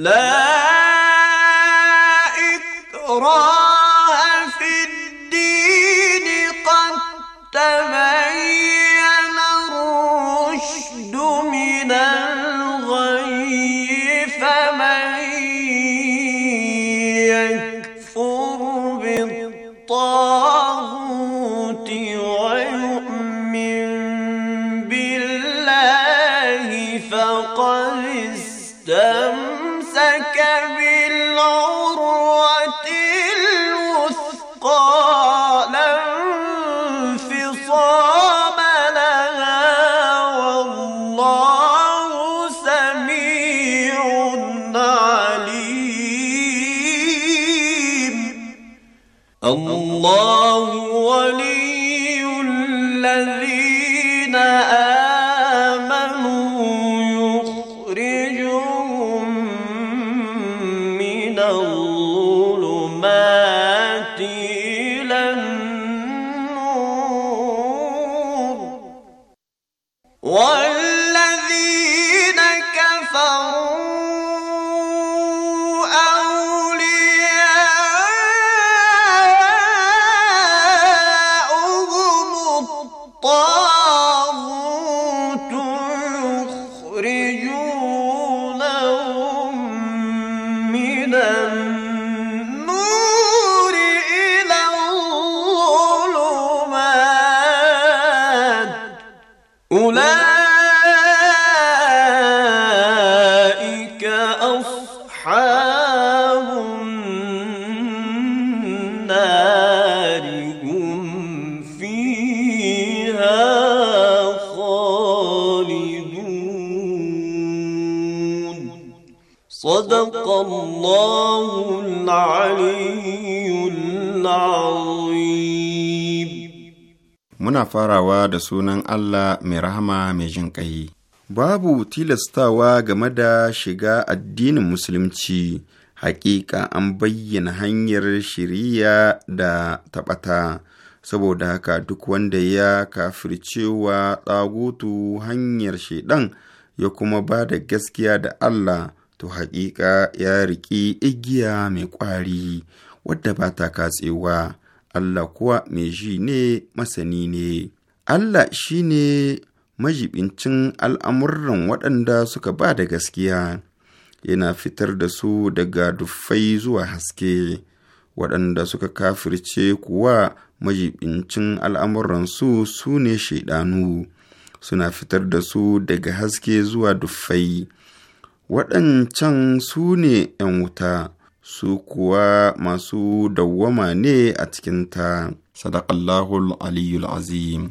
لا إكراه خالدون صدق الله العلي العظيم muna farawa da sunan Allah mai rahma mai jin ƙai. Babu tilastawa game da shiga addinin Musulunci, hakika an bayyana hanyar shiriya da taɓata, saboda haka duk wanda ya kafircewa ɗagutu hanyar shaidan ya kuma ba da gaskiya da Allah to haƙiƙa ya riƙi igiya mai ƙwari wadda ba ta katsewa Allah kuwa mai ji ne masani ne Allah shi ne majibincin al'amuran waɗanda suka ba da gaskiya yana fitar da su daga duffai zuwa haske waɗanda suka kafirce kuwa majibincin al'amuransu su ne shaidanu suna fitar da su daga haske zuwa duffai waɗancan su ne ‘yan wuta su kuwa masu dawwama ne a cikinta sadaƙallahul Aliyu azim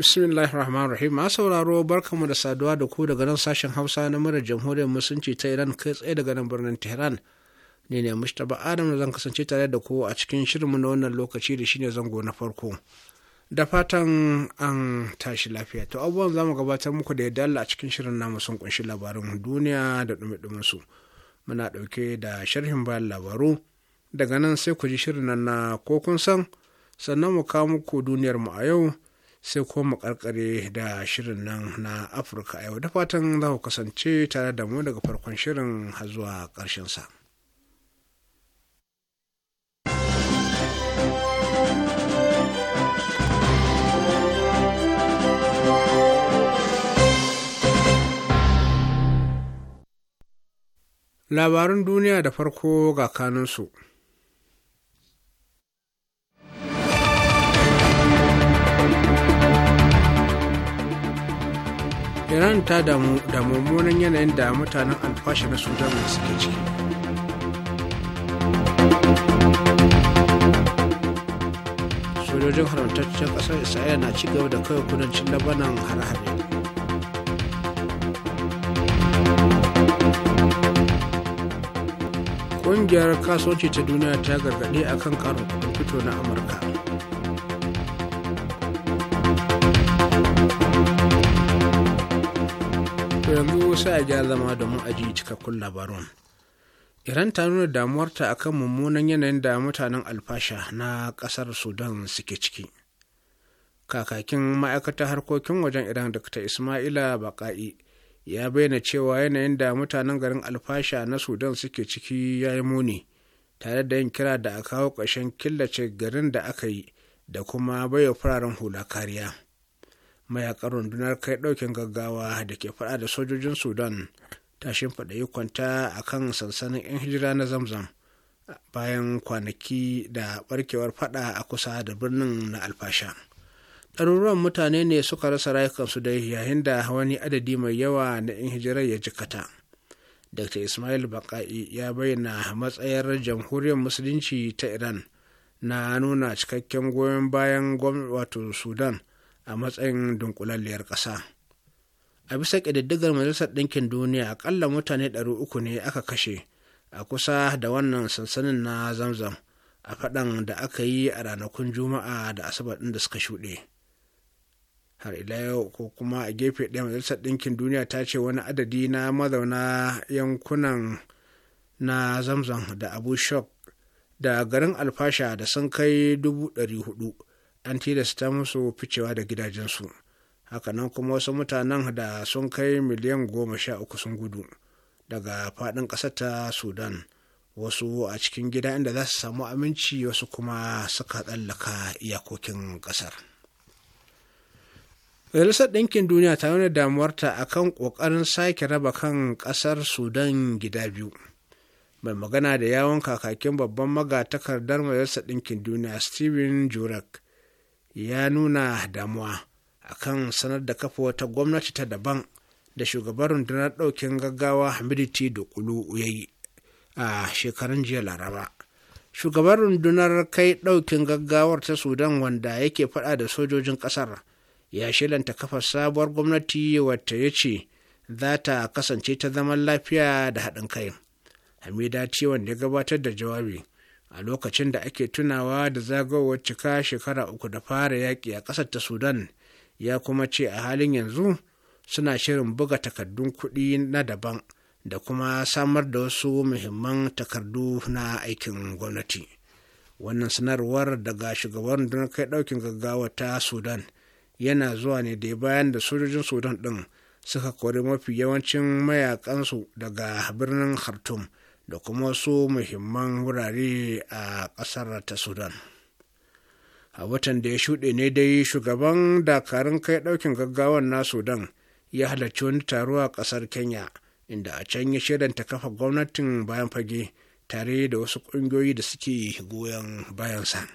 bismillahir rahmanir rahim a sauraro barkamu da saduwa da ku daga nan sashen hausa na murar jamhuriyar musulunci ta iran kai tsaye daga nan birnin tehran ne ne mustapha adam da zan kasance tare da ku a cikin shirinmu na wannan lokaci da shine zango na farko da fatan an tashi lafiya to abubuwan zamu gabatar muku da yadda Allah a cikin shirin namu sun kunshi labarin duniya da dumi su muna dauke da sharhin bayan labaru daga nan sai ku ji shirin nan na ko kun san sannan mu kawo muku duniyar mu a yau sai kuma mu karkare da shirin nan na afirka yau da fatan za ku kasance tare da mu daga farkon shirin har zuwa ƙarshen sa. Labarin duniya da farko ga kanunsu. iran ta damu da mummunan yanayin da mutanen alfashi na sudan suke ciki sojojin haramtaccen ƙasar isra'ila na ci gaba da kawai kudancin labanan har-hare ƙungiyar kasuwanci ta duniya ta gargaɗe akan karin kudin fito na amurka to yanzu sai ya zama da mu aji cikakkun labarun iran ta nuna damuwarta akan mummunan yanayin da mutanen alfasha na kasar sudan suke ciki kakakin ma'aikatar harkokin wajen iran dr ismaila baka'i ya bayyana cewa yanayin da mutanen garin alfasha na sudan suke ciki ya yi muni tare da yin kira da a kawo ƙarshen killace garin da aka yi da kuma baiwa fararen hula kariya mayakan rundunar kai ɗaukin gaggawa da ke faɗa da sojojin sudan ta shimfiɗa kwanta a kan sansanin 'yan hijira na zamzam bayan kwanaki da barkewar faɗa a kusa da birnin na alfasha ɗaruruwan mutane ne suka rasa rayukansu da yayin da wani adadi mai yawa na 'yan hijirar ya jikata dr ismail baka'i ya bayyana matsayar jamhuriyar musulunci ta iran na nuna cikakken goyon bayan wato sudan a matsayin dunkulalliyar ƙasa a bisa ƙididdigar majalisar ɗinkin duniya aƙalla mutane ɗari uku ne aka kashe a kusa da wannan sansanin na zamzam a faɗan da aka yi a ranakun juma'a da asabar ɗin da suka shuɗe har ila yau ko kuma a gefe ɗaya majalisar ɗinkin duniya ta ce wani adadi na mazauna yankunan na zamzam da abu shok da garin alfasha da sun kai dubu ɗari hudu an tilasta musu ficewa da gidajensu hakanan kuma wasu mutanen da sun kai miliyan goma sha uku sun gudu daga faɗin ƙasar ta sudan wasu a cikin gida inda za su samu aminci wasu kuma suka tsallaka iyakokin ƙasar majalisar ɗinkin duniya ta nuna damuwarta akan ƙoƙarin sake raba kan ƙasar sudan gida biyu mai magana da yawon kakakin babban magatakardar majalisar ɗinkin duniya steven Jurek. ya nuna damuwa akan sanar da kafa wata gwamnati ta daban da shugaban rundunar ɗaukin gaggawa ti da kulu ya yi a shekarun jiya laraba shugaban rundunar kai ɗaukin gaggawar ta sudan wanda yake faɗa da sojojin ƙasar ya shilanta kafa sabuwar gwamnati wata ya ce za ta kasance ta zaman lafiya da haɗin kai hamida ce wanda ya gabatar da jawabi a lokacin da ake tunawa da zagawar cika shekara uku da fara yaƙi a ƙasar ta sudan ya kuma ce a halin yanzu suna shirin buga takardun kuɗi na daban da kuma samar da wasu muhimman takardu na aikin gwamnati wannan sanarwar daga shugaban don kai ɗaukin gaggawa ta sudan yana zuwa ne da bayan da sojojin sudan ɗin suka kori mafi yawancin mayakansu daga birnin khartoum da kuma wasu muhimman wurare a ƙasar ta sudan a watan da ya shuɗe ne dai shugaban dakarun kai ɗaukin gaggawan na sudan ya halarci wani taro a ƙasar kenya inda a can ya shirinta kafa gwamnatin bayan fage tare da wasu ƙungiyoyi da suke goyon bayansa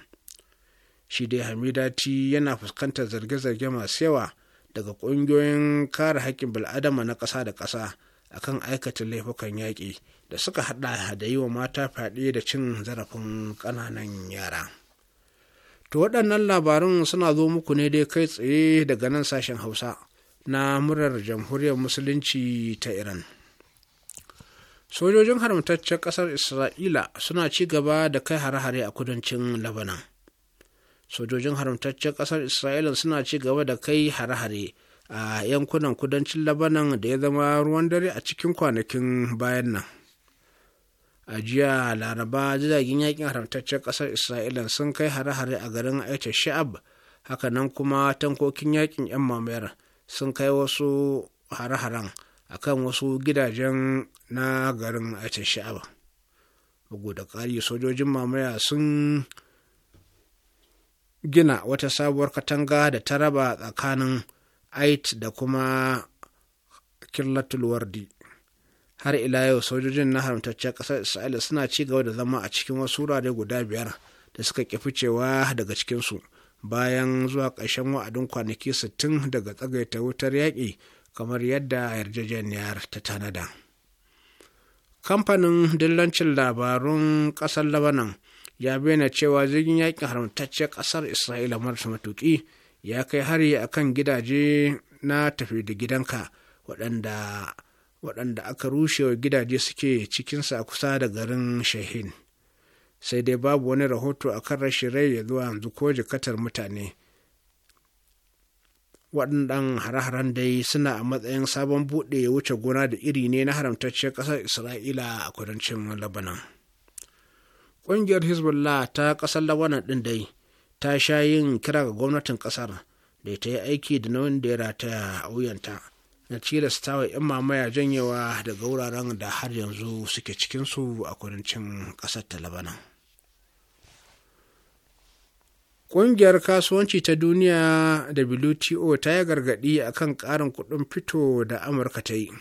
shi dai hamidati yana fuskantar zarge-zarge masu yawa daga ƙungiyoyin kare haƙƙin bil'adama na ƙasa da ƙasa akan aikata laifukan yaƙi da suka hada da yi wa mata fyaɗe da cin zarafin ƙananan yara. To waɗannan labarun suna zo muku ne dai kai tsaye daga nan sashen Hausa na murar jamhuriyar Musulunci ta Iran. Sojojin haramtaccen ƙasar Isra'ila suna ci gaba da kai hare-hare a kudancin Labanan. Sojojin haramtaccen ƙasar Isra'ila suna ci gaba da kai hare-hare a yankunan kudancin Labanan da ya zama ruwan dare a cikin kwanakin bayan nan. a jiya laraba jiragen yakin haramtaccen kasar isra'ila sun kai hare-hare a garin aita sha'ab hakanan kuma tankokin yakin yan mamayar sun kai wasu hare-haren a kan wasu gidajen na garin aita sha'ab bugu da ƙari sojojin mamaya sun gina wata sabuwar katanga da ta raba tsakanin ait da kuma killatul har ila yau sojojin na haramtaccen ƙasar isra'ila suna ci gaba da zama a cikin wasu wurare guda biyar da suka ƙi ficewa daga cikinsu bayan zuwa ƙarshen wa'adin kwanaki sittin daga tsagaita wutar yaƙi kamar yadda yarjejeniyar ta tanada kamfanin dillancin labarun ƙasar labanan ya bayyana cewa jirgin yaƙin haramtaccen ƙasar isra'ila marasa matuƙi ya kai hari akan gidaje na tafi da gidanka waɗanda waɗanda aka rushe wa gidaje suke cikinsa a kusa da garin shahin sai dai babu wani rahoto a kan rashin rai ya zuwa yanzu ko jikatar mutane waɗannan hare-haren dai suna a matsayin sabon buɗe wuce gona da iri ne na haramtacciyar ƙasar isra'ila a kudancin labanan ƙungiyar hezbollah ta ƙasar labanan ɗin dai ta sha yin kira ga gwamnatin ƙasar da ta yi aiki da nauyin da ya rataya a wuyanta na tilasta wa 'yan mamaya janyewa daga wuraren da har yanzu suke cikinsu a kudancin ƙasar ta labanan ƙungiyar kasuwanci ta duniya wto ta yi gargaɗi a kan ƙarin kuɗin fito da amurka ta yi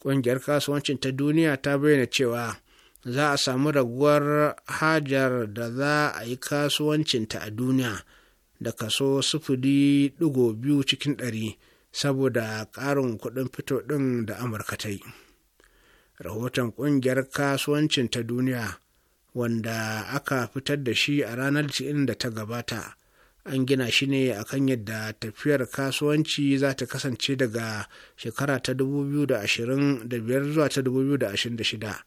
ƙungiyar kasuwancin ta duniya ta bayyana cewa za a samu raguwar hajar da za a yi kasuwancinta a duniya da kaso sifili ɗigo biyu cikin ɗari saboda ƙarin kuɗin fito ɗin da amurka ta yi rahoton ƙungiyar kasuwancin ta duniya wanda aka fitar da shi a ranar cikin da ta gabata an gina shi ne a kan yadda tafiyar kasuwanci za ta kasance daga shekara ta 2025 zuwa ta 2026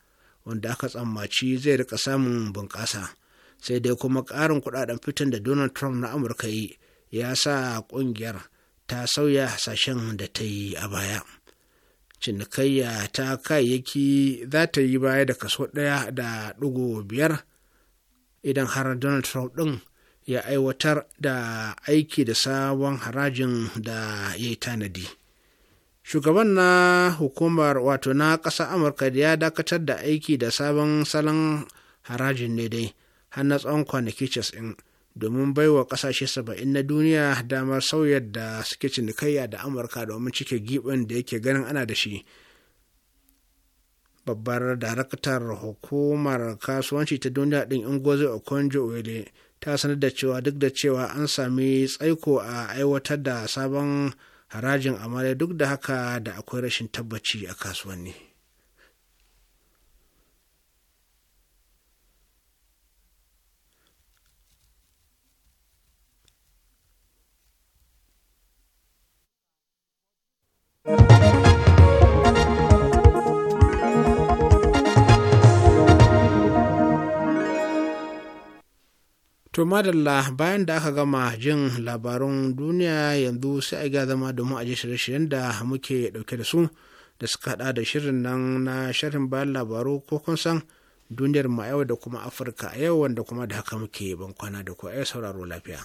wanda aka tsammaci zai rika samun bunƙasa sai dai kuma ƙarin kuɗaɗen fiton da donald trump na amurka yi ya sa ƙungiyar ta sauya hasashen da ta yi a baya cinikayya ta kayayyaki za ta yi baya da kaso ɗaya da ɗigo biyar idan har donald trump ɗin ya aiwatar da aiki da sabon harajin da ya yi tanadi shugaban na hukumar wato na ƙasa amurka da ya dakatar da aiki da sabon salon harajin ne dai har na tsawon kwanaki casa'in domin baiwa kasashe saba'in na duniya damar sauyar da suke cinikayya da amurka domin cike giɓin da yake ganin ana da shi babbar daraktar hukumar kasuwanci ta duniya ɗin ingozi okonjo wele ta sanar da cewa duk da cewa an sami tsaiko a aiwatar da sabon harajin amma duk da haka da akwai rashin tabbaci a kasuwanni To madalla bayan da aka gama jin labarun duniya yanzu sai a ga zama domin a ji shirye-shiryen da muke dauke da su da suka hada da shirin nan na sharhin bayan labaru ko kun san duniyar ma yau da kuma Afirka a yau wanda kuma da haka muke bankwana da ku a sauraro lafiya.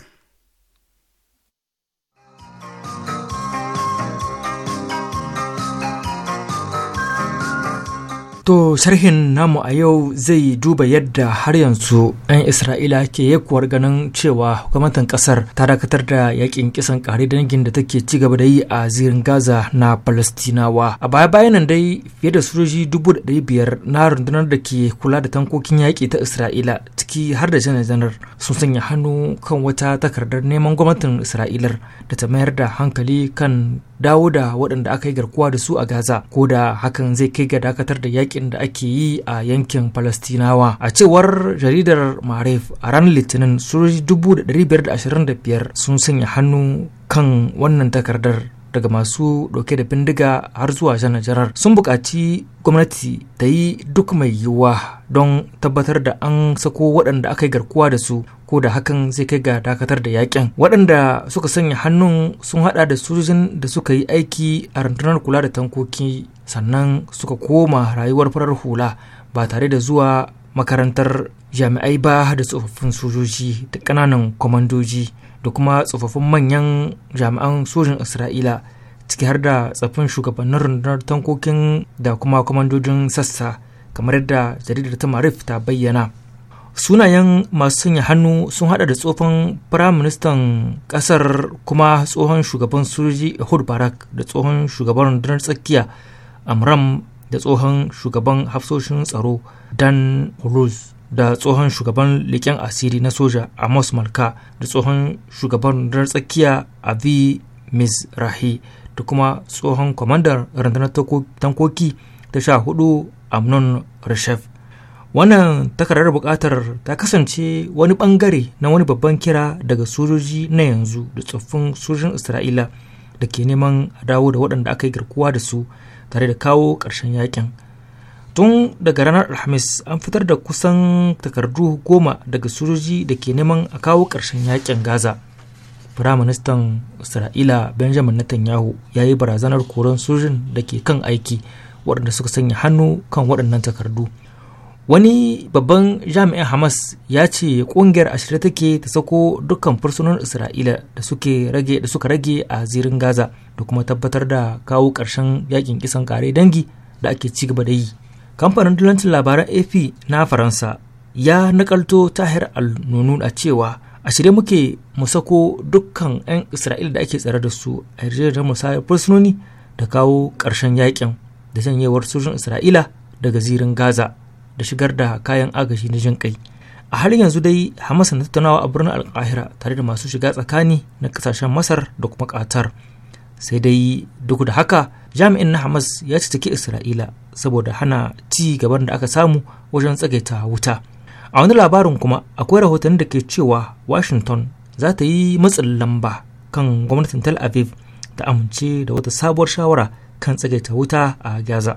To sharhin namu a yau zai duba yadda har yanzu 'yan Isra'ila ke yakuwar ganin cewa gwamnatin kasar ta dakatar da yakin kisan kare dangin da take ci gaba da yi a zirin Gaza na Palestinawa. A baya bayan nan dai fiye da sojoji dubu da biyar na rundunar da ke kula da tankokin yaƙi ta Isra'ila ciki har da janar sun sanya hannu kan wata takardar neman gwamnatin Isra'ilar da ta mayar da hankali kan dawo da waɗanda aka yi garkuwa da su a Gaza ko da hakan zai kai ga dakatar da yaƙi Ƙin da ake yi a yankin Falastinawa. A cewar jaridar Maref a ranar Litinin sojoji biyar sun sanya hannu kan wannan takardar daga masu ɗauke da bindiga har zuwa janar sun buƙaci gwamnati ta yi duk mai yiwuwa don tabbatar da an sako waɗanda aka yi garkuwa da su ko da hakan zai kai ga dakatar da yakin waɗanda suka sanya hannun sun haɗa da sojojin da suka yi aiki a rantunar kula da tankoki sannan suka koma rayuwar farar hula ba tare da zuwa makarantar jami'ai ba da tsofaffin sojoji da ƙananan kwamandoji da kuma tsofaffin manyan jami'an sojin isra'ila ciki har da tsaffin shugabannin rundunar tankokin da kuma kwamandojin sassa kamar yadda jaridar ta marif ta bayyana sunayen masu sanya hannu sun hada da tsohon firaministan kasar kuma tsohon shugaban sojoji ehud barak da tsohon shugaban rundunar tsakiya amram da tsohon shugaban hafsoshin tsaro dan Ruz da tsohon shugaban leƙen asiri na soja amos malka da tsohon shugaban rundunar tsakiya avi mizrahi da kuma tsohon kwamandar rundunar tankoki ta sha hudu amnon reshef wannan takardar bukatar ta kasance wani bangare na wani babban kira daga sojoji na yanzu da tsoffin sojojin isra'ila da ke neman dawo da waɗanda aka yi garkuwa da su tare da kawo ƙarshen yakin tun daga ranar alhamis an fitar da kusan takardu goma daga sojoji da ke neman a kawo ƙarshen yakin gaza firaministan isra'ila benjamin netanyahu ya yi barazanar koron sojin da ke kan aiki waɗanda suka sanya hannu kan waɗannan takardu wani babban jami'in hamas ya ce ƙungiyar a take ta sako dukkan fursunan isra'ila da da suka rage a zirin gaza da kuma tabbatar da kawo ƙarshen yakin kisan kare dangi da ake ci gaba da yi kamfanin dulancin labaran ap na faransa ya nakalto tahir al-nunun a cewa a shirye muke mu sako dukkan 'yan isra'ila da ake tsare da su a yarjejeniyar musayar fursunoni da kawo ƙarshen yakin da janyewar sojin isra'ila daga zirin gaza da shigar da kayan agaji na jin kai a har yanzu dai hamas na tattaunawa a birnin alkahira tare da masu shiga tsakani na kasashen masar da kuma qatar sai dai duk da haka jami'in na hamas ya citaki isra'ila saboda hana ci gaban da aka samu wajen tsagaita wuta a wani labarin kuma akwai rahoton da ke cewa washington za ta yi matsin lamba kan gwamnatin tel aviv ta amince da wata sabuwar shawara kan tsagaita wuta a gaza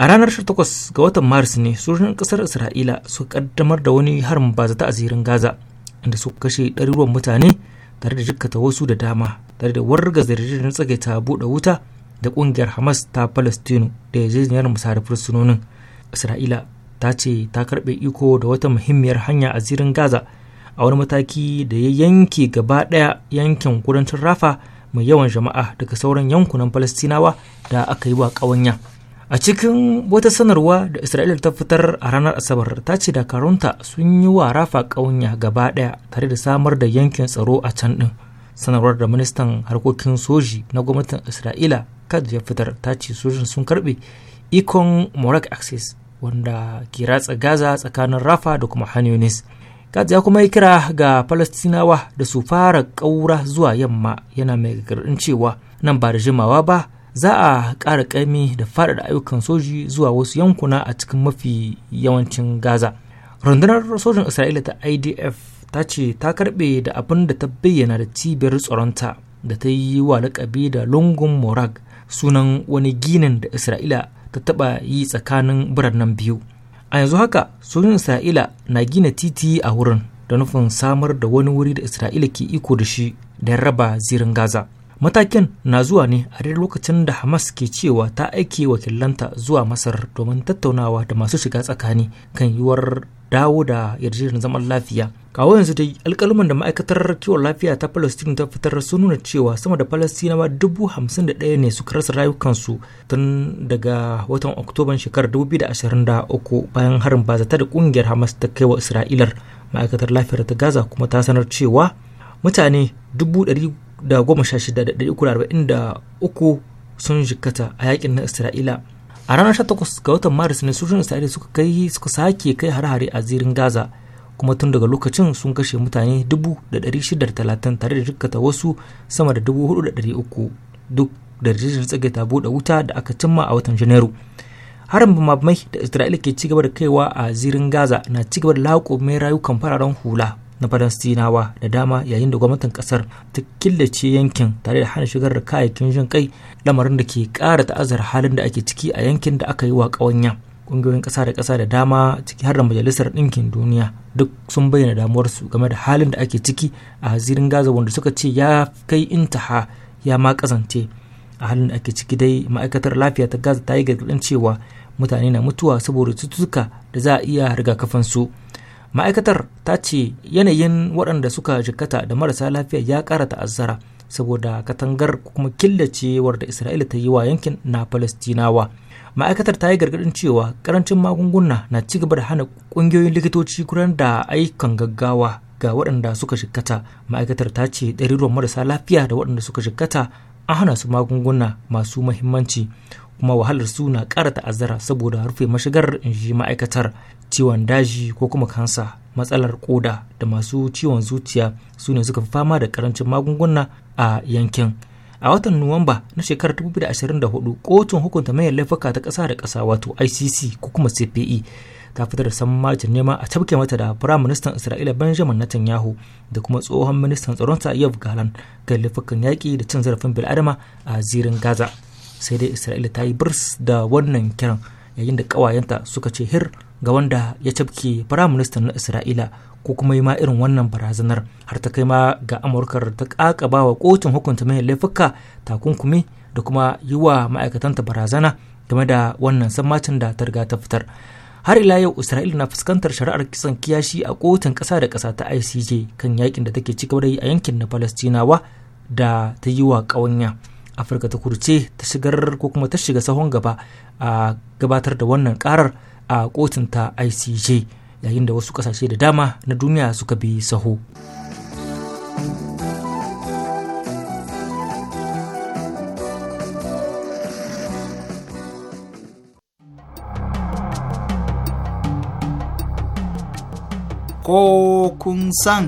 a ranar 18 ga watan maris ne sojojin ƙasar isra'ila suka kaddamar da wani harin bazata a zirin gaza inda su kashe ɗaruruwan mutane tare da jikkata wasu da dama tare da warga tsage ta buɗe wuta da ƙungiyar hamas ta palestino da yarjejeniyar musayar fursunonin isra'ila ta ce ta karɓe iko da wata muhimmiyar hanya a zirin gaza a wani mataki da ya yanke gaba ɗaya yankin kudancin rafa mai yawan jama'a daga sauran yankunan falastinawa da aka yi wa ƙawanya. a cikin wata sanarwa da isra'ila ta fitar a ranar asabar ta ce dakarunta sun yi wa rafa ƙaunya gaba ɗaya tare da samar da yankin tsaro a can ɗin sanarwar da ministan harkokin soji na gwamnatin isra'ila kad ya fitar ta ce sojin sun karbe ikon morak axis wanda ke ratsa gaza tsakanin rafa da kuma hanyonis kad ya kuma yi kira ga Falastinawa da su fara ƙaura zuwa yamma yana mai gargaɗin cewa nan ba da jimawa ba za a ƙara ƙami da faɗaɗa ayyukan soji zuwa wasu yankuna a cikin mafi yawancin gaza rundunar sojin isra'ila ta idf ta ce ta karɓe da abin da ta bayyana da cibiyar tsaronta da ta yi wa laƙabi da lungun morag sunan wani ginin da isra'ila ta taɓa yi tsakanin biranen biyu a yanzu haka sojin isra'ila na gina titi a wurin da nufin samar da wani wuri da isra'ila ke iko da shi da raba zirin gaza matakin na zuwa ne a daidai lokacin da hamas ke cewa ta aiki wakilanta zuwa masar domin tattaunawa da masu shiga tsakani kan yiwuwar dawo da yarjejeniyar zaman lafiya kawo yanzu dai alkalman da ma'aikatar kiwon lafiya ta palestine ta fitar sun nuna cewa sama da palestinawa dubu hamsin da ɗaya ne suka rasa rayukansu tun daga watan oktoban shekarar 2023 bayan harin bazata da kungiyar hamas ta kai wa isra'ilar ma'aikatar lafiyar ta gaza kuma ta sanar cewa mutane dubu ɗari da goma sha shida da ɗari uku arba'in da uku sun jikkata a yakin na isra'ila a ranar sha ga watan maris ne sojojin isra'ila suka kai suka sake kai har-hare a zirin gaza kuma tun daga lokacin sun kashe mutane dubu da da talatin tare da jikkata wasu sama da dubu hudu da ɗari uku duk da rijiyar tsagaita buɗe wuta da aka cimma a watan janairu harin mamamai da isra'ila ke cigaba da kaiwa a zirin gaza na cigaba da laƙo mai rayukan fararen hula na falastinawa da dama yayin da gwamnatin kasar ta killace yankin tare da hana shigar da kayayyakin jin kai lamarin da ke kara ta'azzar halin da ake ciki a yankin da aka yi wa kawanya. ƙungiyoyin ƙasa da kasa da dama ciki har da majalisar ɗinkin duniya duk sun bayyana damuwarsu game da halin da ake ciki a hazirin gaza wanda suka ce ya kai intaha ya ma kazance a halin da ake ciki dai ma'aikatar lafiya ta gaza ta yi gargaɗin cewa mutane na mutuwa saboda cututtuka da za a iya rigakafinsu su ma'aikatar ta ce yanayin waɗanda suka jikkata da marasa lafiya ya ƙara ta'azzara saboda katangar kuma killacewar da isra'ila ta yi wa yankin na palestinawa ma'aikatar ta yi gargaɗin cewa karancin magunguna na ci gaba da hana ƙungiyoyin likitoci kuran da ayyukan gaggawa ga waɗanda suka jikkata ma'aikatar ta ce ɗariruwan marasa lafiya da waɗanda suka jikkata an hana su magunguna masu mahimmanci kuma wahalar su na kara ta'azzara saboda rufe mashigar inji ma'aikatar ciwon daji ko kuma kansa matsalar koda da masu ciwon zuciya su ne suka fi fama da karancin magunguna a yankin a watan nuwamba na shekarar 2024 kotun hukunta mayan laifuka ta kasa da ƙasa wato icc ko kuma cpe ta fitar da sammacin nema a tabke mata da firayim ministan isra'ila benjamin netanyahu da kuma tsohon ministan tsaronsa yau galan ga laifukan yaƙi da cin zarafin bil'adama a zirin gaza sai dai isra'ila ta yi birs da wannan kiran yayin da kawayenta suka ce hir ga wanda ya cafke firaministan na isra'ila ko kuma yi ma irin wannan barazanar har ta kai ma ga amurkar ta kakaba wa kotun hukunta mai laifuka takunkumi da kuma yi wa ma'aikatanta barazana game da wannan sammacin da ta riga ta fitar har ila yau isra'ila na fuskantar shari'ar kisan kiyashi a kotun ƙasa da ƙasa ta icj kan yakin da take ci gaba da yi a yankin na falastinawa da ta yi wa ƙawanya afirka ta kurce ta shigar ko kuma ta shiga sahon gaba a gabatar da wannan karar a kotun ta icj yayin da wasu kasashe da dama na duniya suka bi saho ko kun san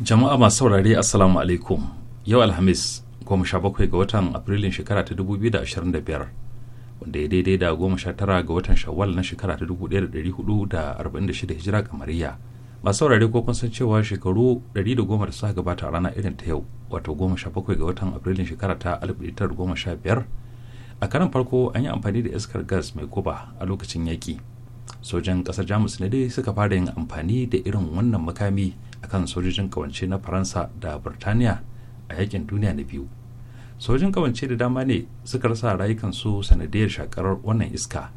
jama'a masu saurare assalamu alaikum yau alhamis goma sha bakwai ga watan afrilun shekara ta dubu biyu da ashirin da biyar wanda ya daidai da goma sha tara ga watan shawwal na shekara ta dubu ɗaya da ɗari hudu da arba'in da shida hijira kamariya masu saurare ko kun san cewa shekaru ɗari da goma da suka gabata a rana irin ta yau wato goma sha bakwai ga watan afrilun shekara ta alif ɗaya tara goma sha biyar a karan farko an yi amfani da iskar gas mai guba a lokacin yaƙi sojan ƙasar jamus ne dai suka fara yin amfani da irin wannan makami akan sojojin kawance na faransa da burtaniya a yakin duniya na biyu sojin kawance da dama ne suka rasa rayukansu sanadiyar shakarar wannan iska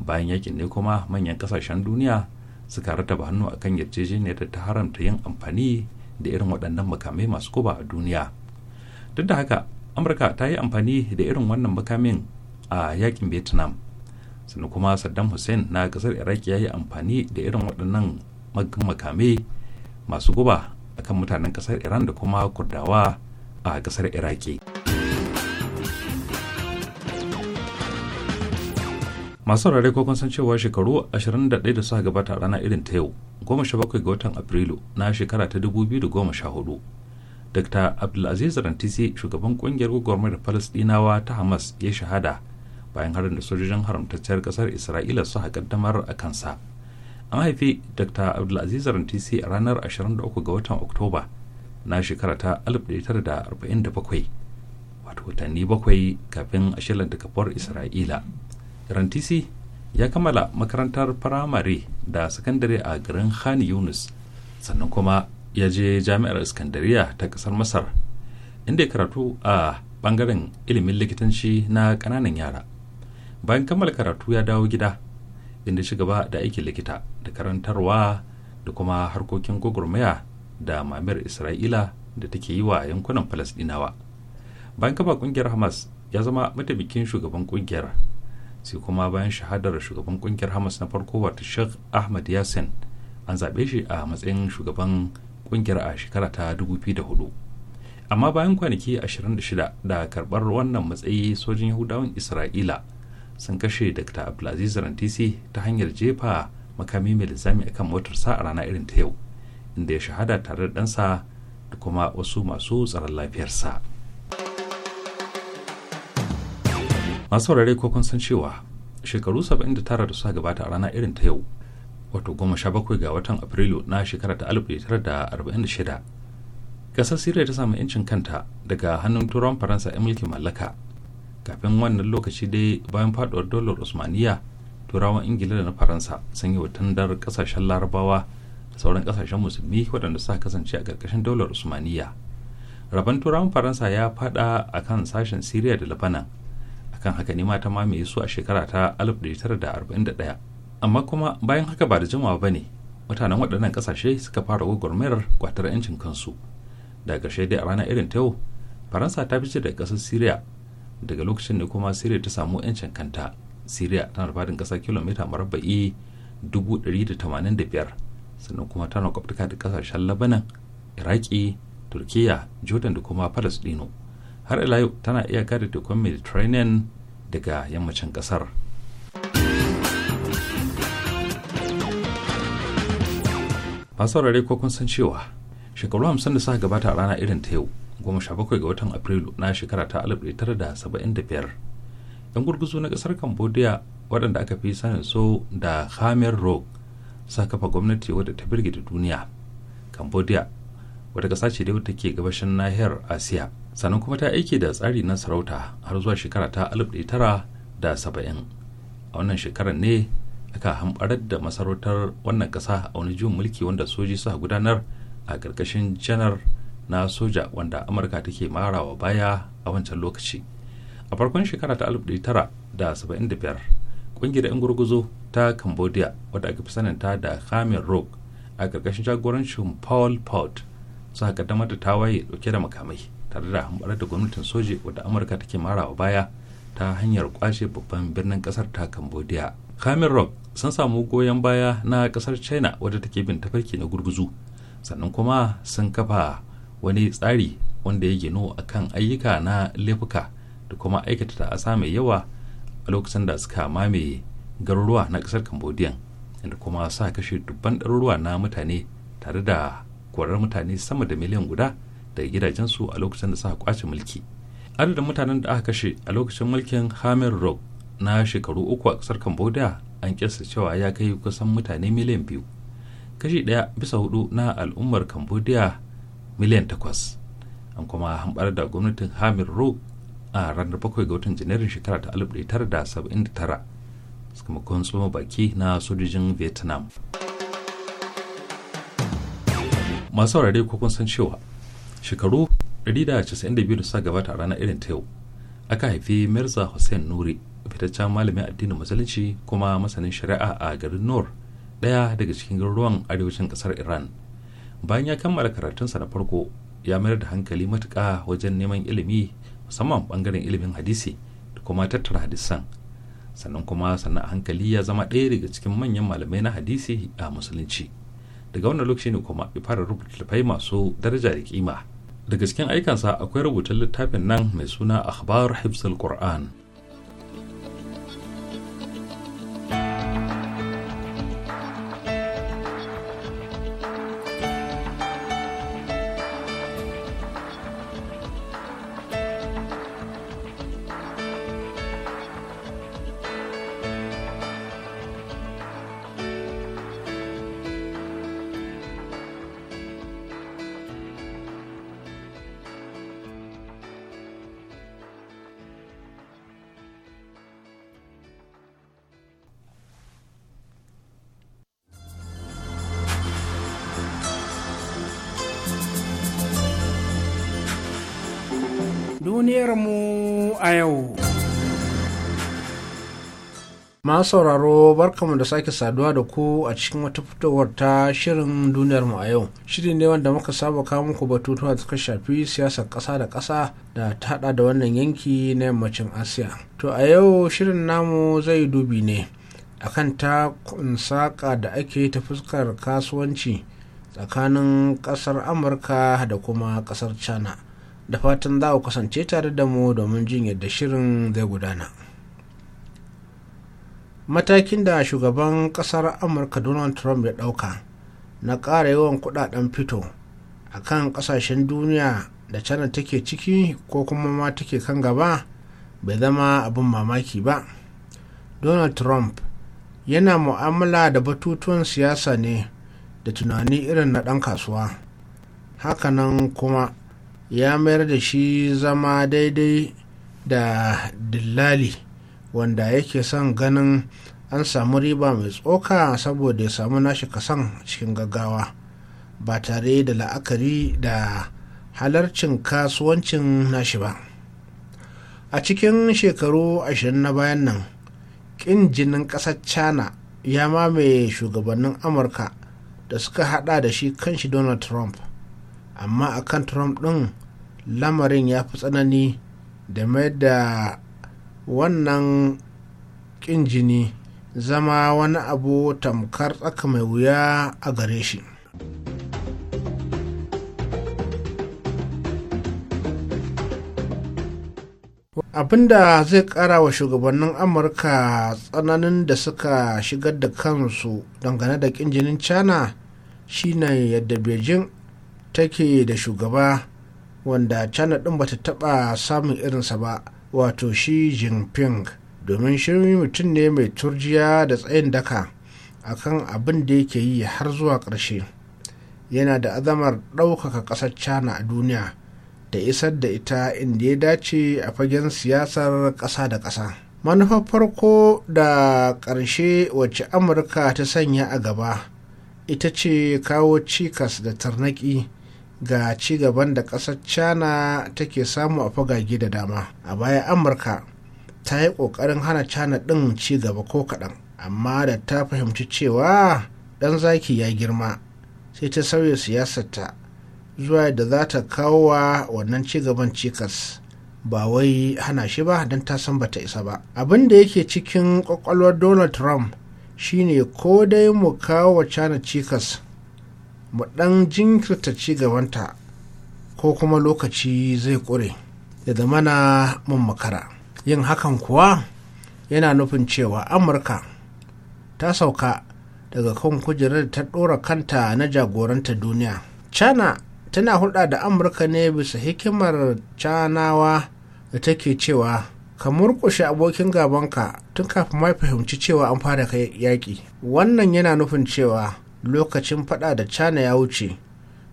bayan yakin ne kuma manyan kasashen duniya suka rataba hannu a kan yarjejeniyar da ta haramta yin amfani da irin waɗannan makamai masu guba a duniya duk da haka amurka ta yi amfani da irin wannan makamin a yakin vietnam sannan kuma saddam hussein na kasar iraki ya yi amfani da irin waɗannan makamai masu guba akan mutanen kasar iran da kuma kurdawa a kasar iraki masu rare ko kun san cewa shekaru 21 da suka gabata rana irin ta yau 17 ga watan afrilu na shekara ta 2014 dr abdulaziz rantisi shugaban kungiyar gwagwarmar falasdinawa ta hamas ya shahada bayan harin da sojojin haramtacciyar kasar isra'ila suka kaddamar a kansa an haifi dr abdulaziz rantisi a ranar 23 ga watan oktoba na shekara ta 1947 wato watanni bakwai kafin a shirin kafuwar isra'ila rantisi ya kammala makarantar firamare da sakandare a garin khan yunus sannan kuma ya je jami'ar iskandariya ta kasar masar inda ya karatu a bangaren ilimin likitanci na kananan yara bayan kammala karatu ya dawo gida inda ci gaba da aikin likita da karantarwa da kuma harkokin gwagwarmaya da mamayar isra'ila da take yi wa yankunan falasdinawa bayan kafa kungiyar hamas ya zama mataimakin shugaban kungiyar sai kuma bayan shahadar shugaban kungiyar hamas na farko wata sheikh ahmad yasin an zaɓe shi a matsayin shugaban kungiyar a shekara ta 2004 amma bayan kwanaki 26 da karɓar wannan matsayi sojin yahudawan isra'ila sun kashe dr abdulaziz rantisi ta hanyar jefa makami mai lizami akan motarsa a rana irin ta yau inda ya shahada tare da ɗansa da kuma wasu masu tsaron lafiyarsa masu saurare ko kun san cewa shekaru 79 da suka gabata a rana irin ta yau wato 17 ga watan afrilu na shekara ta 1946 ƙasar siriya ta samu 'yancin kanta daga hannun turon faransa 'yan mulkin mallaka kafin wannan lokaci dai bayan faduwar dolar usmaniya turawan ingila da na faransa sun yi watandar kasashen larabawa da sauran kasashen musulmi waɗanda suka kasance a ƙarƙashin daular usmaniya rabon turawan faransa ya fada a kan sashen siriya da labanan akan haka ne mata mamaye su a shekara ta 1941 amma kuma bayan haka ba da jimawa ba ne mutanen waɗannan ƙasashe suka fara gwagwarmayar kwatar 'yancin kansu da ƙarshe dai a ranar irin ta yau faransa ta fice daga ƙasar siriya daga lokacin da kuma siriya ta samu 'yancin kanta siriya tana da fadin ƙasa kilomita marabba'i 185 sannan kuma tana kwaftuka da kasashen labanan iraki turkiya jordan da kuma palestino har ila yau tana iyaka da tekun mediterranean daga yammacin ƙasar masu ko kun san cewa shekaru hamsin da suka gabata a rana irin ta yau 17 ga watan afrilu na shekara ta 1975 'yan gurguzu na kasar cambodia waɗanda aka fi sanin so da khmer rock sa kafa gwamnati wadda ta birgita duniya cambodia wata ƙasa ce da ke gabashin nahiyar asiya sannan kuma ta aiki da tsari na sarauta har zuwa shekara ta 1970 a wannan shekarar ne aka hamɓarar da masarautar wannan ƙasa a wani juyin mulki wanda soji suka gudanar a ƙarƙashin janar na soja wanda amurka take marawa baya a wancan lokaci a farkon shekara ta 1975 kungiyar 'yan gurguzo ta cambodia wadda aka fi sananta da khamin rock a ƙarƙashin jagorancin paul pot haka kaddamar da tawaye dauke da makamai tare da hambarar da gwamnatin soji wadda amurka take marawa baya ta hanyar kwashe babban birnin kasar ta cambodia khamin rock sun samu goyon baya na kasar china wadda take bin tafarki na gurguzu sannan kuma sun kafa wani tsari wanda ya a kan ayyuka na laifuka da kuma aikata ta'asa mai yawa a lokacin da suka mamaye garuruwa na kasar cambodia inda kuma sa kashe dubban ɗaruruwa na mutane tare da korar mutane sama da miliyan guda daga gidajensu a lokacin da suka kwace mulki adadin mutanen da aka kashe a lokacin mulkin hamer rock na shekaru uku a kasar cambodia an kyasta cewa ya kai kusan mutane miliyan biyu kashi ɗaya bisa hudu na al'ummar cambodia miliyan takwas an kuma hambar da gwamnatin hamir rook a ranar bakwai ga watan janairun shekara ta 1979 kun tsoma baki na sojojin vietnam masu saurare ko kun san cewa shekaru 192 da sa gabata a ranar irin ta yau aka haifi mirza hussein nuri fitaccen malamin addinin musulunci kuma masanin shari'a a garin nor ɗaya daga cikin garuruwan arewacin kasar iran bayan ya kammala karatunsa na farko ya mayar da hankali matuƙa wajen neman ilimi musamman bangaren ilimin hadisi da kuma tattara hadisan sannan kuma sannan hankali ya zama ɗaya daga cikin manyan malamai na hadisi a musulunci daga wannan lokaci ne kuma ya fara rubuta littafai masu daraja da kima daga cikin aikansa akwai rubutun littafin nan mai suna akhbar hifzul qur'an Ma yau. Masu sauraro barkamu da sake saduwa da ku a cikin wata fitowar ta shirin duniyar mu a yau. Shiri ne wanda muka saba kawo muku batutuwa da suka shafi siyasar ƙasa da ƙasa da ta hada da wannan yanki na yammacin Asiya. To a yau shirin namu zai dubi ne akan ta saƙa da ake ta fuskar kasuwanci tsakanin ƙasar Amurka da kuma ƙasar China. da fatan za a kasance tare da mu domin jin yadda shirin zai gudana matakin da shugaban kasar amurka donald trump ya ɗauka na ƙara yawan kudaden fito a kan ƙasashen duniya da china take ciki ko kuma ma take kan gaba bai zama abin mamaki ba donald trump yana mu'amala da batutuwan siyasa ne da tunani irin na ɗan kasuwa hakanan kuma ya mayar da shi zama daidai da dillali wanda yake son ganin an samu riba mai tsoka saboda ya samu nashi kasan cikin gaggawa ba tare da la'akari da halarcin kasuwancin nashi ba a cikin shekaru ashirin na bayan nan ƙin jinin ƙasar china ya mamaye shugabannin amurka da suka hada da shi kanshi donald trump amma akan trump ɗin lamarin ya fi tsanani da mai da wannan ƙin jini zama wani abu tamkar tsaka mai wuya a gare shi abinda zai kara wa shugabannin amurka tsananin da suka shigar da kansu dangane da ƙin jinin china shine yadda beijing take da shugaba wanda china ɗin bata taɓa samun irinsa ba wato shi jinping domin shirin mutum ne mai turjiya da tsayin daka akan abin da yake yi har zuwa ƙarshe yana da azamar ɗaukaka ƙasar china a duniya da isar da ita inda ya dace a fagen siyasar ƙasa da ƙasa manufar farko da ƙarshe wacce amurka ta sanya a gaba ita ce kawo cikas da tarnaki. ga ci gaban da ƙasar china take samu a fagage da dama a baya amurka ta yi ƙoƙarin hana china ɗin ci gaba ko kaɗan amma da ta fahimci cewa ɗan zaki ya girma sai ta sauya siyasarta zuwa da za ta kawo wa wannan cigaban cikas ba wai hana shi ba don ta san bata isa ba abin da yake cikin ƙwaƙwalwar donald trump shine ko dai mu kawo wa china cikas mu ɗan jinkirta ci gabanta ko kuma lokaci zai ƙure da zamana mun makara yin hakan kuwa yana nufin cewa amurka ta sauka daga kan kujerar ta ɗora kanta na jagoranta duniya china tana hulɗa da amurka ne bisa hikimar canawa da take cewa ka murƙushe abokin gabanka tun kafin ma fahimci cewa an fara yaƙi wannan yana nufin cewa lokacin fada da cana ya wuce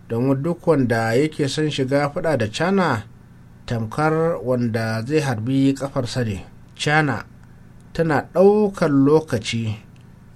don duk wanda yake son shiga fada da cana tamkar wanda zai harbi kafarsa ne cana tana ɗaukar lokaci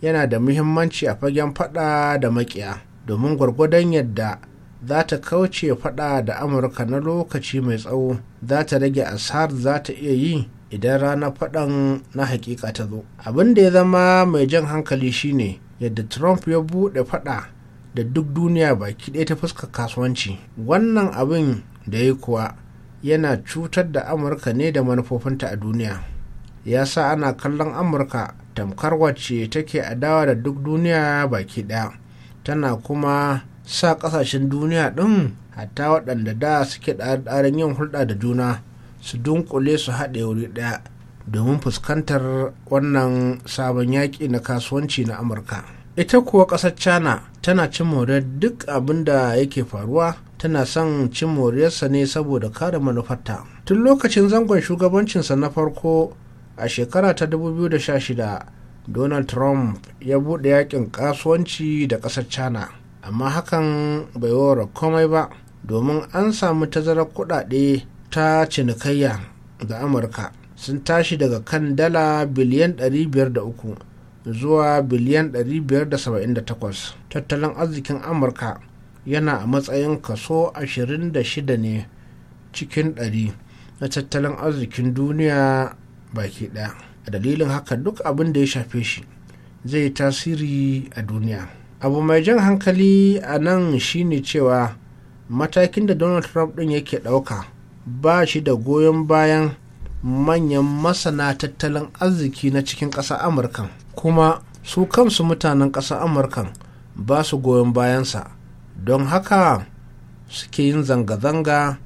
yana da muhimmanci a fagen fada da makiya domin gwargwadon yadda za ta kauce fada da amurka na lokaci mai tsawo za ta rage asar za ta iya yi idan ranar fadan na hakika ta zo abin da ya zama mai jan hankali shine yadda trump ya buɗe fada da duk duniya baki ɗaya ta fuska kasuwanci wannan abin da ya kuwa yana cutar da amurka ne da manufofinta a duniya ya sa ana kallon amurka tamkar wacce take adawa da duk duniya baki ɗaya tana kuma sa ƙasashen duniya ɗin hatta waɗanda da suke ɗarin yin hulɗa da juna su dunkule su haɗe wuri ɗaya domin fuskantar wannan sabon yaƙi na kasuwanci na amurka ita kuwa ƙasar china tana cin moriyar duk abin da yake faruwa tana son cin moriyarsa ne saboda kare manufarta tun lokacin zangon shugabancinsa na farko a shekara ta 2016 donald trump ya buɗe yaƙin kasuwanci da ƙasar china amma hakan bai wara komai ba domin an samu tazarar kuɗaɗe ta cinikayya ga amurka sun tashi daga kan dala biliyan 503 zuwa biliyan 578 tattalin arzikin amurka yana a matsayin kaso 26 ne cikin 100 na tattalin arzikin duniya baki daya a dalilin haka duk abin da ya shafe shi zai tasiri a duniya abu mai jan hankali a nan shine cewa matakin da donald trump din yake dauka ba shi da goyon bayan manyan masana tattalin arziki na cikin ƙasa amurkan kuma su kansu mutanen ƙasa amurkan ba su goyon bayansa don haka suke yin zanga-zanga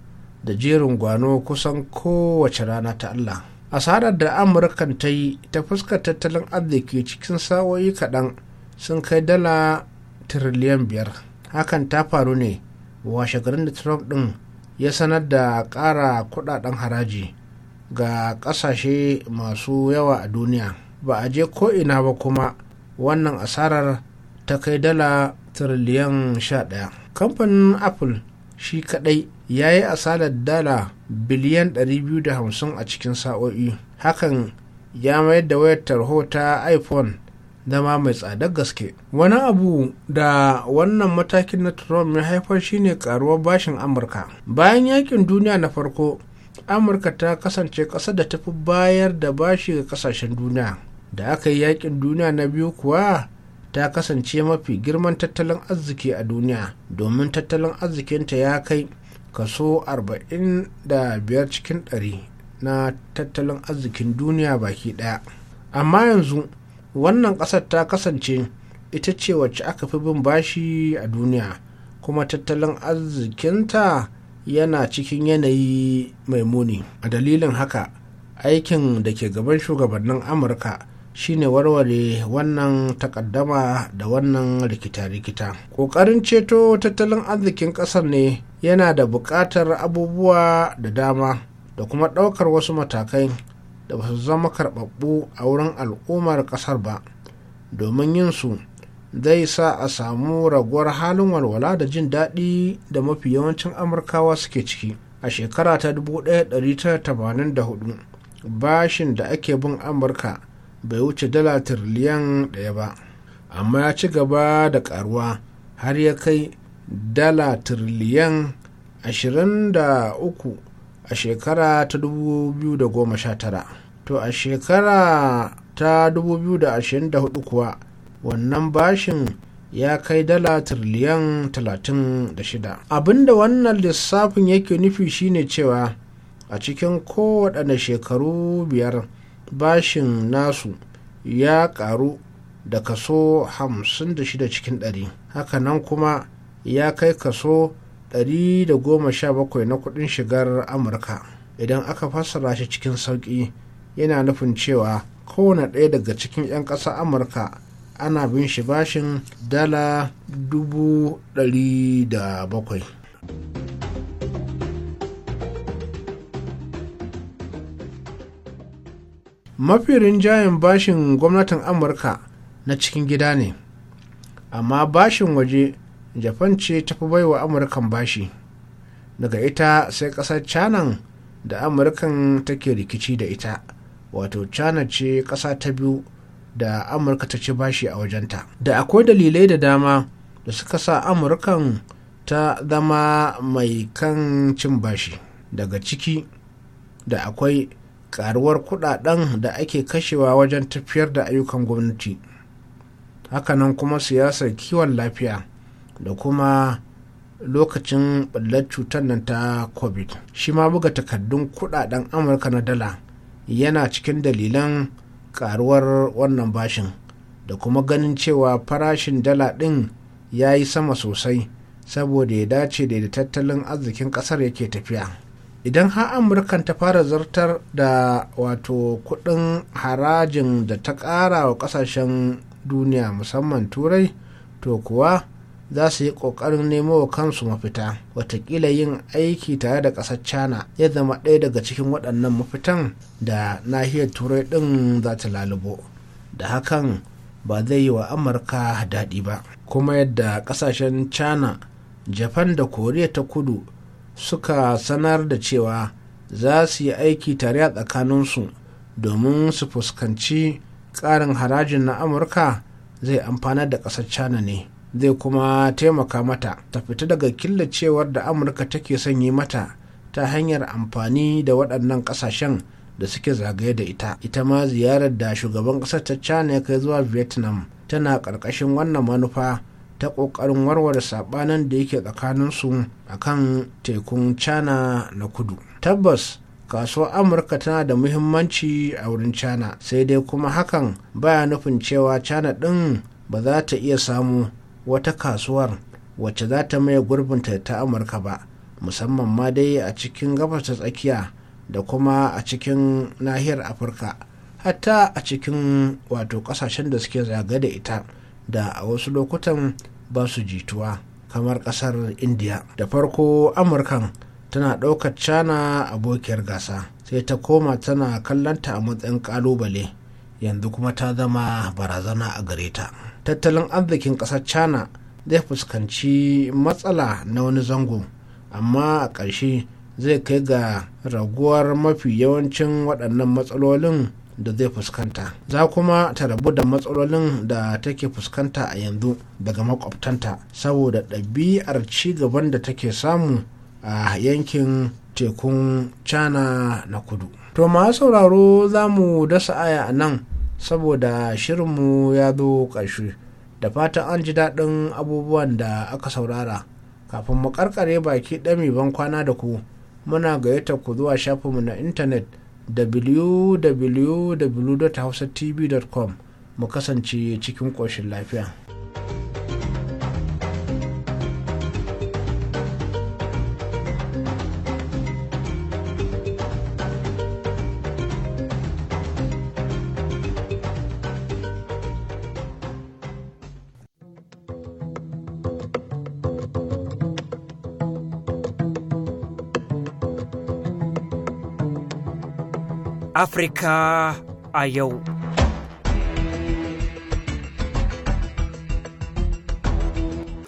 da jerin gwano kusan kowace rana ta allah asarar da amurkan ta yi ta fuskar tattalin arziki cikin sa'o'i kaɗan sun kai dala tiriliyan biyar hakan ta faru ne washe garin da trump ɗin ya sanar da ƙara kuɗaɗen haraji ga ƙasashe masu yawa a duniya ba a je ko'ina ba kuma wannan asarar ta kai dala tiriliyan 11 kamfanin apple shi kadai ya yi asarar dala biliyan 250 a cikin sa'o'i hakan ya mayar da wayar tarho ta iphone zama mai tsadar gaske wani abu da wannan matakin na trump ya haifar shine karuwar bashin amurka bayan yakin duniya na farko amurka ta kasance ƙasar da tafi bayar da bashi ga kasashen duniya da aka yi yakin duniya na biyu kuwa ta kasance mafi girman tattalin arziki a duniya domin tattalin arzikinta ya kai kaso 45 cikin 100 na tattalin arzikin duniya baki daya amma yanzu wannan ƙasar ta kasance ita ce wacce aka fi bin bashi a duniya kuma tattalin arzikinta yana cikin yanayi mai muni a dalilin haka aikin da ke gaban shugabannin amurka shine warware wannan takaddama da wannan rikita-rikita ƙoƙarin ceto tattalin arzikin ƙasar ne yana da buƙatar abubuwa da dama da kuma ɗaukar wasu matakai da ba su zama karɓaɓɓu a wurin al'ummar ƙasar ba domin yin su zai sa a samu raguwar halin walwala da jin daɗi da mafi yawancin amurkawa suke ciki a shekara ta 1984 bashin da ake bin amurka bai wuce dala tiriliyan ɗaya ba amma ya ci gaba da ƙaruwa, har ya kai dala tiriliyan 23 a shekara ta 2019 to a shekara ta 2024 kuwa wannan bashin ya kai dala tiriliyan 36 abinda wannan lissafin yake nufi shine cewa a cikin kowaɗanne shekaru biyar bashin nasu ya ƙaru da kaso 56 cikin 100 hakanan kuma ya kai kaso 117 na kudin shigar amurka idan aka fassara shi cikin sauƙi yana nufin cewa kowane ɗaya daga cikin 'yan ƙasar amurka ana bin shi bashin dala dubu ɗari da bakwai mafi rinjayen bashin gwamnatin amurka na cikin gida ne amma bashin waje japan ce ta fi baiwa amurkan bashi daga ita sai kasar canan da amurkan take rikici da ita wato cana ce kasa ta biyu da amurka ta ci bashi a wajenta da akwai dalilai da dama da suka sa amurkan ta zama mai kan cin bashi daga ciki da akwai karuwar kudaden da ake kashewa wajen tafiyar da ayyukan gwamnati hakanan kuma siyasar kiwon lafiya da kuma lokacin ɓullar cutar nan ta covid shi ma buga takardun kudaden amurka na dala yana cikin dalilan karuwar wannan bashin da kuma ganin cewa farashin dala ɗin ya yi sama sosai saboda ya dace da tattalin arzikin ƙasar yake tafiya idan har amurkan ta fara zartar da wato kudin harajin da ta ƙara wa ƙasashen duniya musamman turai to kuwa za su yi ƙoƙarin nemo wa kansu mafita watakila yin aiki tare da ƙasar china ya zama ɗaya daga cikin waɗannan mafitan da nahiyar turai ɗin za ta lalubo da hakan ba zai yi wa amurka daɗi ba kuma yadda ƙasashen china japan da koriya ta kudu suka sanar da cewa za su yi aiki tare a tsakaninsu domin su fuskanci ƙarin harajin na amurka zai amfana da ƙasar china ne zai kuma taimaka mata ta fita daga killacewar da amurka take son yi mata ta hanyar amfani da waɗannan ƙasashen da suke zagaye da ita ita ma ziyarar da shugaban ƙasar ta china ya kai zuwa vietnam tana ƙarƙashin wannan manufa ta ƙoƙarin warware saɓanin da yake tsakaninsu a kan tekun china na kudu tabbas kasuwar amurka tana da muhimmanci a wurin china sai dai kuma hakan baya nufin cewa china ɗin ba za ta iya samu wata kasuwar wacce za ta maye gurbinta ta amurka ba musamman ma dai a cikin gabas ta tsakiya da kuma a cikin nahiyar afirka hatta a cikin wato kasashen da suke zaga da ita da a wasu lokutan ba su jituwa kamar kasar Indiya. da farko amurkan tana ɗaukar cana abokiyar gasa sai ta koma tana kallonta a matsayin ƙalubale yanzu kuma ta zama barazana a gare ta. tattalin arzikin ƙasar china zai fuskanci matsala na wani zango amma a ƙarshe zai kai ga raguwar mafi yawancin waɗannan matsalolin da zai fuskanta za kuma ta rabu da matsalolin da take fuskanta a yanzu daga makwabtanta saboda ɗabi'ar ci gaban da take samu a yankin tekun china na kudu to ma sauraro za mu dasa aya a nan saboda shirinmu ya zo ƙarshe da fatan an ji daɗin abubuwan da aka saurara kafin mu karkare baki ɗami ban kwana da ku muna gayyata ku zuwa shafinmu na intanet www.hausatv.com mu kasance cikin ƙoshin lafiya. Afirka a yau.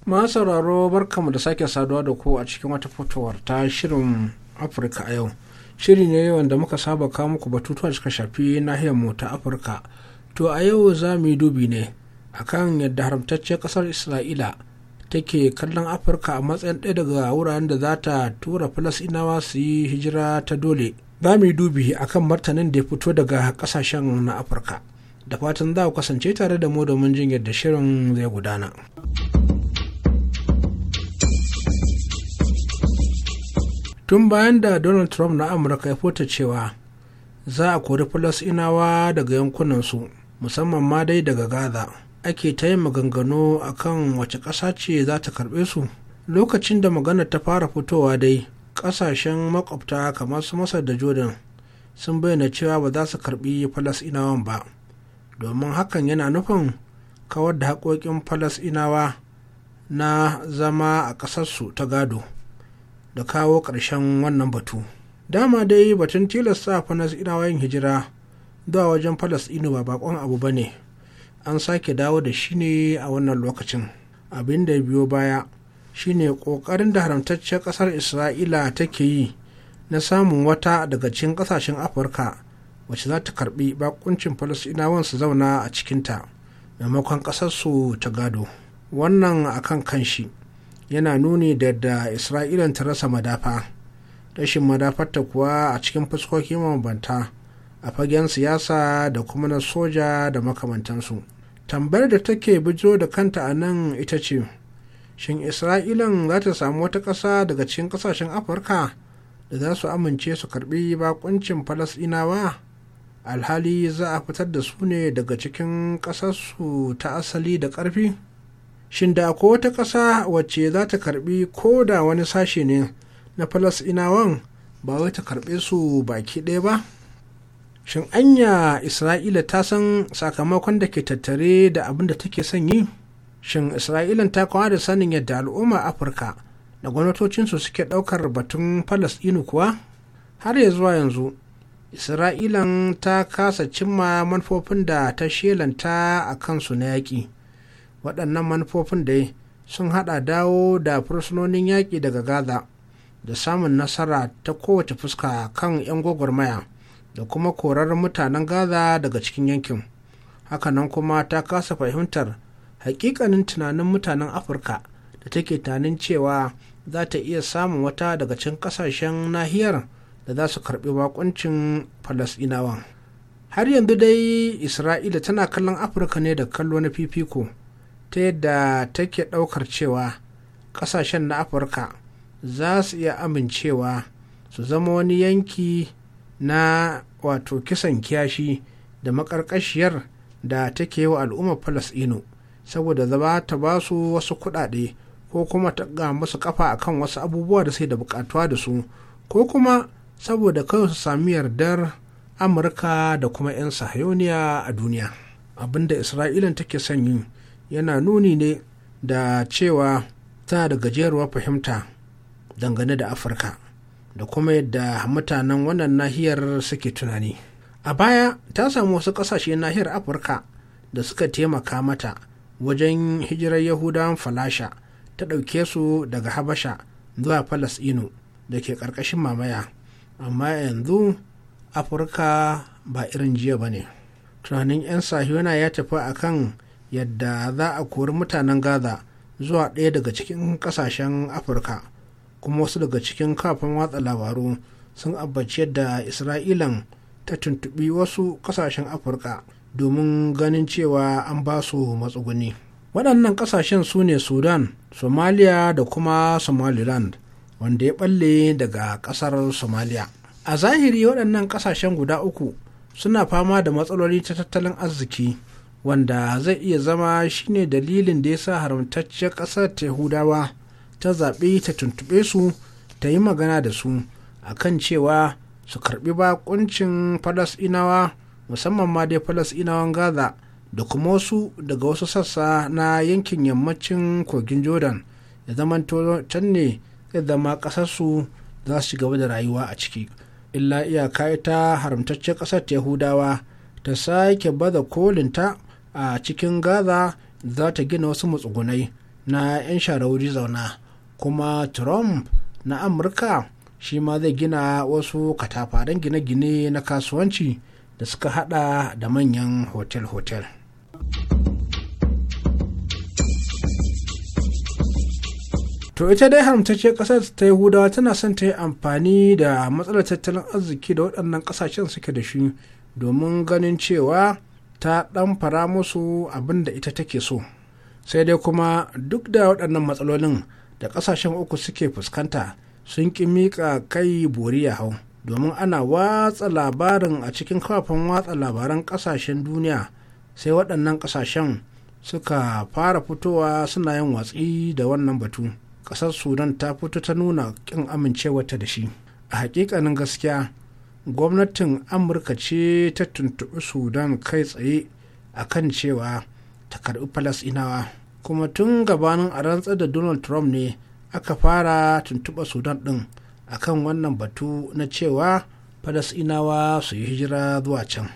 Ma sauraro barkamu da sake saduwa da ku a cikin wata fitowar ta shirin Afirka a yau. Shiri ne wanda muka saba kawo muku batutuwa suka shafi nahiyar mu ta Afirka. To a yau za mu yi dubi ne akan yadda haramtacce kasar Isra'ila take kallon Afirka a matsayin ɗaya daga wuraren da za ta tura Falasɗinawa su yi hijira ta dole. za mu yi dubi a kan martanin da ya fito daga kasashen na afirka da fatan za ku kasance tare da mu domin jin yadda shirin zai gudana. tun bayan da donald trump na amurka ya fota cewa za a kori inawa daga yankunan su musamman ma dai daga gaza ake ta yin maganganu akan wace ƙasa ce za ta karɓe su lokacin da magana ta fara fitowa dai ƙasashen makwabta kamar su masar da jordan sun bayyana cewa ba za su karbi falasinawan ba domin hakan yana nufin kawar da haƙoƙin falasinawa na zama a ƙasarsu ta gado da kawo ƙarshen wannan batu dama dai batun tilasta falasinawa yin hijira zuwa wajen falasinu ba bakon abu ba ne an sake dawo da shi ne a wannan lokacin abin da biyo baya shine ƙoƙarin da haramtacciyar ƙasar isra'ila take yi na samun wata daga cikin ƙasashen afirka wacce za ta karbi bakuncin falasinawan su zauna a cikinta maimakon ƙasarsu ta gado wannan akan kanshi yana nuni da da isra'ila ta rasa madafa rashin madafarta kuwa a cikin fuskoki mabanta a fagen siyasa da kuma na soja da makamantansu tambayar da take bijo da kanta a nan ita ce shin isra'ilan za ta samu wata ƙasa daga cikin ƙasashen afirka da za su amince su karɓi bakuncin falasɗinawa alhali za a fitar da su ne daga cikin ƙasarsu ta asali da ƙarfi shin da ko wata ƙasa wacce za ta karbi ko da wani sashe ne na falasɗinawan ba wai ta karbe su baki ɗaya ba shin anya isra'ila ta san sakamakon da ke tattare da abin da take son yi shin isra'ilan ta kawo da sanin yadda al'umma afirka da gwamnatocinsu suke ɗaukar batun palestinu kuwa har ya zuwa yanzu isra'ilan ta kasa cimma manufofin da ta shelanta a kansu na yaƙi waɗannan manufofin dai sun haɗa dawo da fursunonin yaƙi daga gaza da samun nasara ta kowace fuska kan 'yan gwagwarmaya da kuma korar mutanen gaza daga cikin yankin hakanan kuma ta kasa fahimtar hakikanin tunanin mutanen afirka da take tunanin cewa za ta iya samun wata daga cikin kasashen nahiyar da za su karbi bakuncin falasɗinawan har yanzu dai isra'ila tana kallon afirka ne da kallo na fifiko ta yadda take ɗaukar cewa ƙasashen na afirka za su iya amincewa su zama wani yanki na wato kisan kiyashi da makarkashiyar da take wa al'ummar falasɗinu saboda zama ta ba su wasu kuɗaɗe ko kuma ta ga musu kafa akan wasu abubuwa da sai da bukatuwa da su ko kuma saboda kawai su sami yardar amurka da kuma 'yan sahayoniya a duniya abinda isra'ilan take son yi yana nuni ne da cewa ta da gajeruwar fahimta dangane da afirka da kuma yadda mutanen wannan nahiyar suke tunani a baya ta samu wasu ƙasashe nahiyar afirka da suka taimaka mata wajen hijirar yahudawan falasha ta ɗauke su daga habasha zuwa falasɗinu da ke ƙarƙashin mamaya amma yanzu afirka ba irin jiya ba ne tunanin 'yan sahiyona ya tafi a kan yadda za a kori mutanen gaza zuwa ɗaya daga cikin ƙasashen afirka kuma wasu daga cikin kafin watsa labaru sun abbaci yadda isra'ilan ta tuntuɓi wasu ƙasashen afirka domin ganin cewa an ba su matsuguni waɗannan ƙasashen su ne sudan somalia da kuma somaliland wanda ya ɓalle daga ƙasar somalia a zahiri waɗannan ƙasashen guda uku suna fama da matsaloli ta tattalin arziki wanda zai iya zama shine dalilin da ya sa haramtacciyar ƙasar yahudawa ta zaɓi ta tuntuɓe su ta yi magana da su a kan cewa su karɓi baƙuncin falasɗinawa musamman ma dai falasɗinawan gaza da kuma wasu daga wasu sassa na yankin yammacin kogin jordan ya zama can ne zai zama ƙasarsu za su gaba da rayuwa a ciki illa iyaka ita haramtaccen ƙasar yahudawa ta sake baza kolinta a cikin gaza za ta gina wasu matsugunai na 'yan sharauri zauna kuma trump na amurka shi ma zai gina wasu katafaren gine-gine na kasuwanci da suka hada da manyan hotel-hotel. to ita dai haramtacce kasar ta yahudawa tana son ta yi amfani da matsalar tattalin arziki da waɗannan ƙasashen suke da shi domin ganin cewa ta ɗan fara musu abin da ita take so sai dai kuma duk da waɗannan matsalolin da ƙasashen uku suke fuskanta sun ƙi miƙa kai bori ya hau domin ana watsa labarin a cikin kafafen watsa labaran ƙasashen duniya sai waɗannan ƙasashen suka fara fitowa suna yin watsi da wannan batu ƙasar sudan ta fito ta nuna ƙin amincewarta da shi a hakikanin gaskiya gwamnatin amurka ce ta tuntuɓi sudan kai tsaye a kan cewa ta karɓi falasinawa kuma tun gabanin a rantsar da donald trump ne aka fara tuntuɓa sudan ɗin a kan wannan batu na cewa falasinawa su yi hijira zuwa can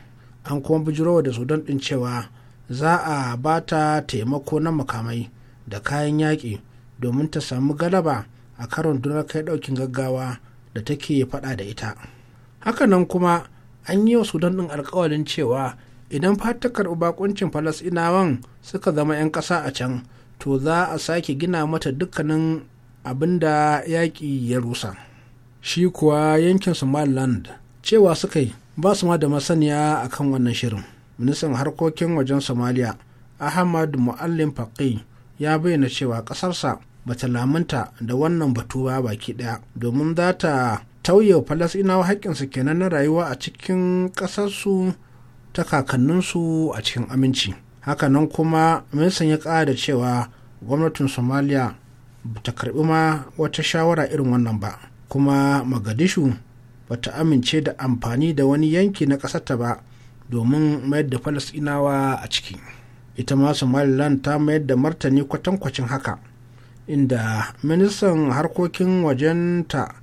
an kuma bijirowa da sudan din cewa za a ba ta taimako na makamai da kayan yaƙi domin ta samu galaba a karon dunar kai ɗaukin gaggawa da take faɗa da ita hakanan kuma an yi wa sudan ɗin alkawalin cewa idan fatakar bakuncin falasinawan suka zama 'yan ƙasa a can to za a sake gina mata dukkanin abin da yaƙi ya rusa. shi kuwa yankin somaliland cewa suka yi ba su ma da masaniya a kan wannan shirin ministan harkokin wajen somaliya ahmad muallim faqi ya bayyana cewa ƙasarsa ba ta lamunta da wannan batu ba baki ɗaya domin za ta tauye falasɗinawa haƙƙinsu kenan na rayuwa a cikin ƙasarsu ta kakanninsu a cikin aminci hakanan kuma ministan ya ƙara cewa gwamnatin somaliya ba ta karɓi ma wata shawara irin wannan ba kuma magadishu ba ta amince da amfani da wani yanki na ƙasarta ba domin mayar da falasinawa a ciki ita ma somaliland ta mayar da martani kwatankwacin haka inda ministan harkokin wajenta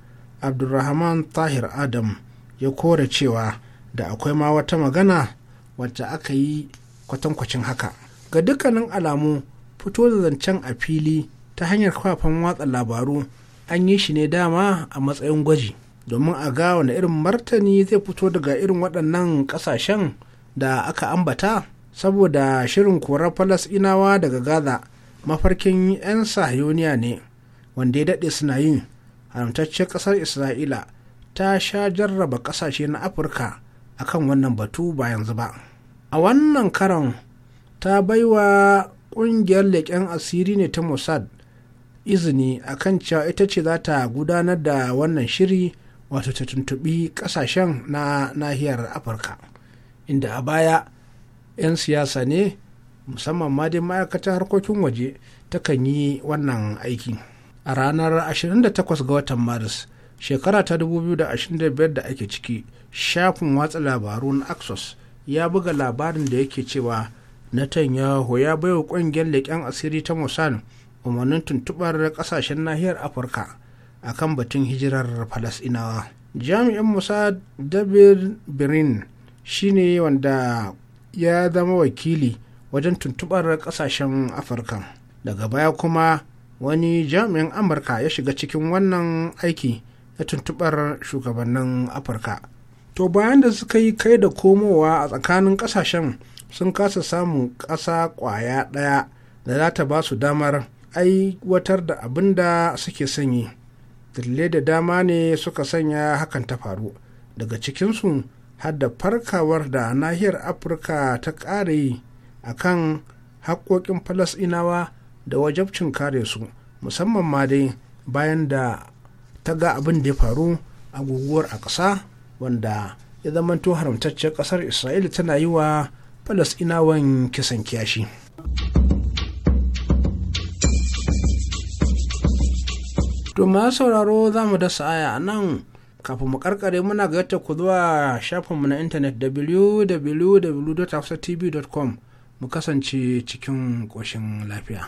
abdulrahman tahir adam ya kore cewa da akwai ma wata magana wacce aka yi kwatankwacin haka ga dukkanin alamu fito da zancen a fili ta hanyar kafafen watsa labaru an yi shi ne dama a matsayin gwaji domin a ga wani irin martani zai fito daga irin waɗannan ƙasashen da aka ambata saboda shirin korar falasɗinawa daga gaza mafarkin 'yan sahiyoniya ne wanda ya daɗe suna yin haramtaccen ƙasar isra'ila ta sha jarraba ƙasashe na afirka akan wannan batu ba yanzu ba a wannan karon ta baiwa ƙungiyar leƙen asiri ne ta mossad izini a kan cewa ita ce za ta gudanar da wannan shiri wato ta tuntubi kasashen na nahiyar afirka inda a baya 'yan siyasa ne musamman ma dai ma'aikatar harkokin waje takan yi wannan aiki a ranar 28 ga watan maris shekara ta 2025 da ake ciki shafin watsa labaru na axos ya buga labarin da yake cewa netanyahu ya baiwa ƙungiyar leƙen asiri ta musamman. umarnin tuntubar kasashen nahiyar afirka akan batun hijirar falasinawa jami'in musa david birin shine wanda ya zama wakili wajen tuntubar kasashen afirka daga baya kuma wani jami'in amurka ya shiga cikin wannan aiki na tuntubar shugabannin afirka to bayan da suka yi kai da komowa a tsakanin kasashen sun kasa samun ƙasa ƙwaya ɗaya da za ta ba su damar aiwatar da abin da suke sanyi dalilai da dama ne suka sanya hakan ta faru daga cikinsu hadda da farkawar da nahiyar afirka ta ƙare a kan haƙoƙin falasɗinawa da wajabcin kare su musamman ma dai bayan da ta ga abin da ya faru a guguwar a ƙasa wanda ya zamanto haramtacciyar ƙasar isra'ila tana yi wa falasɗinawan kisan kiyashi. to ma sauraro za mu dasa aya nan kafin mu karkare muna yadda ku zuwa shafinmu na intanet www.hafsatv.com mu kasance cikin ƙoshin lafiya.